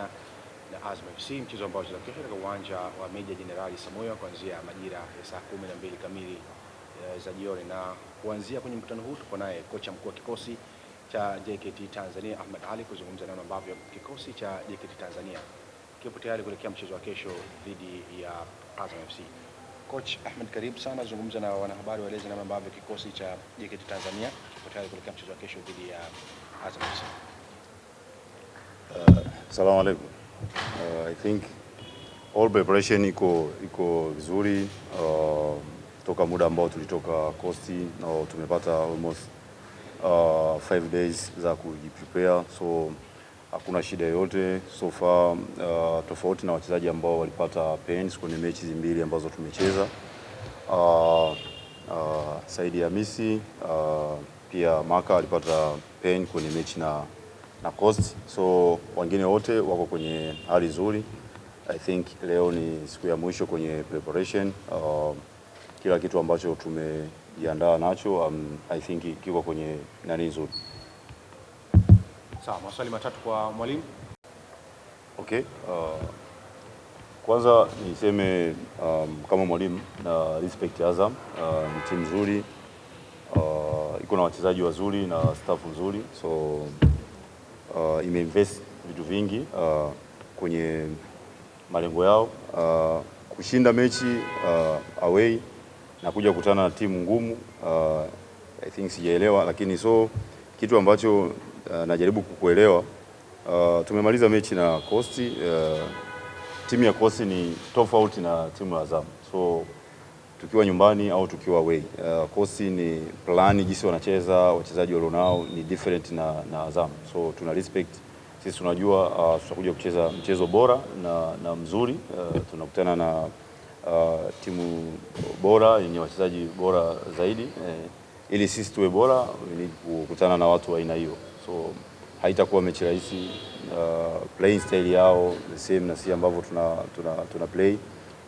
Tanzania na Azam FC, mchezo ambao utachezwa kesho katika uwanja wa Meja Jenerali Samoya kuanzia majira ya saa kumi na mbili kamili eh, za jioni. Na kuanzia kwenye mkutano huu tuko naye kocha mkuu wa kikosi cha JKT Tanzania Ahmed Ali kuzungumza namna ambavyo kikosi cha JKT Tanzania kipo tayari kuelekea mchezo wa kesho dhidi ya Azam FC. Coach Ahmed, karibu sana, zungumza na wanahabari, waeleze namna ambavyo kikosi cha JKT Tanzania kipo tayari kuelekea mchezo wa kesho dhidi ya Azam FC. Salamu alaikum. Uh, I think all preparation iko iko vizuri uh, toka muda ambao tulitoka kosti na no, tumepata almost uh, five days za kujiprepare so hakuna shida yoyote so far uh, tofauti na wachezaji ambao walipata pains kwenye mechi mbili ambazo tumecheza uh, uh, Saidi Hamisi uh, pia Maka alipata pain kwenye mechi na na coast, So wengine wote wako kwenye hali nzuri. I think leo ni siku ya mwisho kwenye preparation. Uh, kila kitu ambacho tumejiandaa nacho um, I think kiko kwenye nani nzuri. Sawa, maswali matatu kwa mwalimu. Okay. Uh, kwanza niseme um, kama mwalimu na uh, respect Azam uh, ni timu nzuri uh, iko na wachezaji wazuri na staff nzuri so uh, imeinvest vitu vingi uh, kwenye malengo yao uh, kushinda mechi uh, away na kuja kukutana na timu ngumu uh, I think sijaelewa, lakini so kitu ambacho uh, najaribu kukuelewa uh, tumemaliza mechi na Coast uh, timu ya Coast ni tofauti na timu ya Azam so tukiwa nyumbani au tukiwa away. Uh, kosi ni plani jinsi wanacheza wachezaji walionao ni different na, na Azam, so tuna respect sisi tunajua uh, tutakuja kucheza mchezo bora na, na mzuri uh, tunakutana na uh, timu bora yenye wachezaji bora zaidi eh, ili sisi tuwe bora ili kukutana na watu wa aina hiyo, so haitakuwa mechi rahisi. Uh, playing style yao the same na sisi ambavyo tuna, tuna, tuna play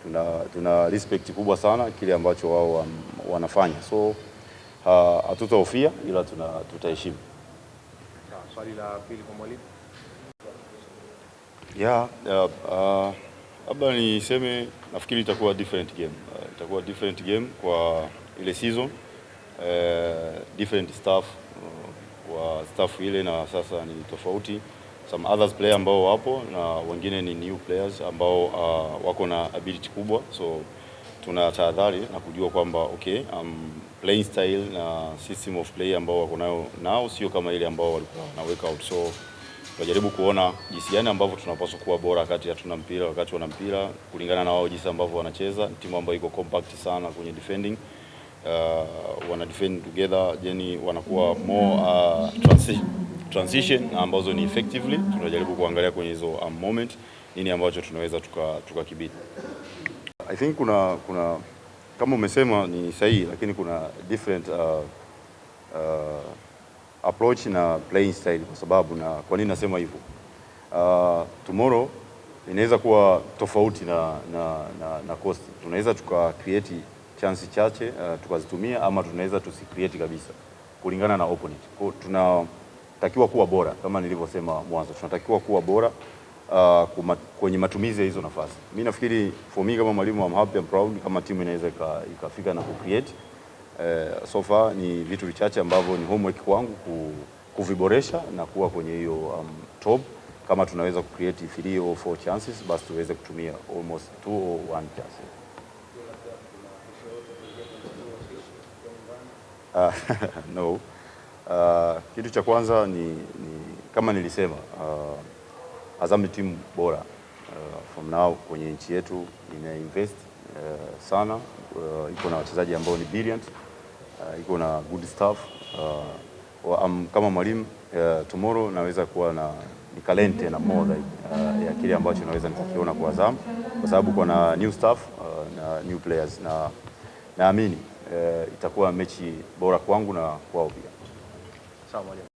tuna, tuna respect kubwa sana kile ambacho wao wanafanya, so hatutahofia ila tuna tutaheshimu. Swali la pili kwa mwalimu. Yeah, uh, uh, labda niseme nafikiri itakuwa different game uh, itakuwa different game kwa ile season uh, different staff uh, kwa staff ile na sasa ni tofauti some others player ambao wapo na wengine ni new players ambao uh, wako na ability kubwa, so tuna tahadhari na kujua kwamba okay, um, playing style na system of play ambao wako nayo nao sio kama ile ambao walikuwa wanaweka out, so tunajaribu kuona jinsi gani ambavyo tunapaswa kuwa bora ya hatuna mpira, wakati wana mpira, kulingana na wao jinsi ambavyo wanacheza. Timu ambayo iko compact sana kwenye defending uh, wana defend together, yani wanakuwa more uh, transition transition ambazo ni effectively tunajaribu kuangalia kwenye hizo um, moment nini ambacho tunaweza tukakibidi tuka I think kuna, kuna kama umesema ni sahihi, lakini kuna different uh, uh, approach na playing style. Kwa sababu na kwa nini nasema hivyo uh, tomorrow inaweza kuwa tofauti na, na, na, na cost. Tunaweza tuka create chance chache uh, tukazitumia ama tunaweza tusi create kabisa kulingana na opponent. Kwa tuna tunatakiwa kuwa bora kama nilivyosema mwanzo, tunatakiwa kuwa bora uh, kwenye matumizi ya hizo nafasi. Mimi nafikiri for me kama mwalimu I'm happy, I'm proud kama timu inaweza ikafika na kucreate uh, so far ni vitu vichache ambavyo ni homework kwangu kuviboresha na kuwa kwenye hiyo um, top kama tunaweza kucreate three or four chances basi tuweze kutumia almost two or one chance. Uh, no. Uh, kitu cha kwanza ni, ni kama nilisema uh, Azam ni timu bora uh, from now kwenye nchi yetu invest uh, sana uh, iko na wachezaji ambao ni brilliant uh, iko na good staff uh, um, kama mwalimu uh, tomorrow naweza kuwa na nikalente na more uh, ya kile ambacho naweza nikakiona kwa Azam kwa sababu na new staff uh, na new players na naamini uh, itakuwa mechi bora kwangu na kwao pia. Salmo, aliás.